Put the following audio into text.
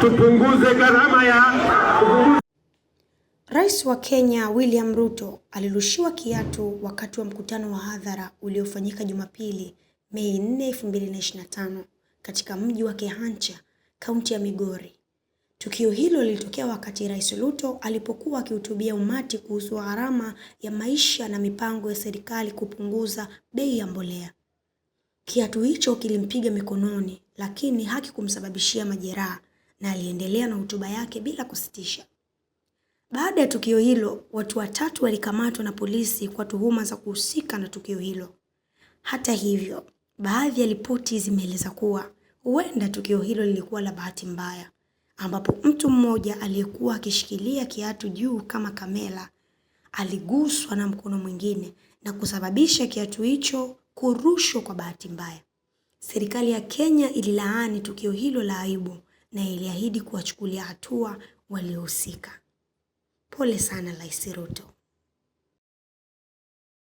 tupunguze gharama ya Rais wa Kenya William Ruto alirushiwa kiatu wakati wa mkutano wa hadhara uliofanyika Jumapili, Mei 4, 2025 katika mji wa Kehancha, kaunti ya Migori. Tukio hilo lilitokea wakati Rais Ruto alipokuwa akihutubia umati kuhusu gharama ya maisha na mipango ya serikali kupunguza bei ya mbolea. Kiatu hicho kilimpiga mikononi, lakini hakikumsababishia majeraha na aliendelea na hotuba yake bila kusitisha. Baada ya tukio hilo, watu watatu walikamatwa na polisi kwa tuhuma za kuhusika na tukio hilo. Hata hivyo, baadhi ya ripoti zimeeleza kuwa huenda tukio hilo lilikuwa la bahati mbaya, ambapo mtu mmoja aliyekuwa akishikilia kiatu juu kama kamera aliguswa na mkono mwingine na kusababisha kiatu hicho kurushwa kwa bahati mbaya. Serikali ya Kenya ililaani tukio hilo la aibu na iliahidi kuwachukulia hatua waliohusika. Pole sana Rais Ruto.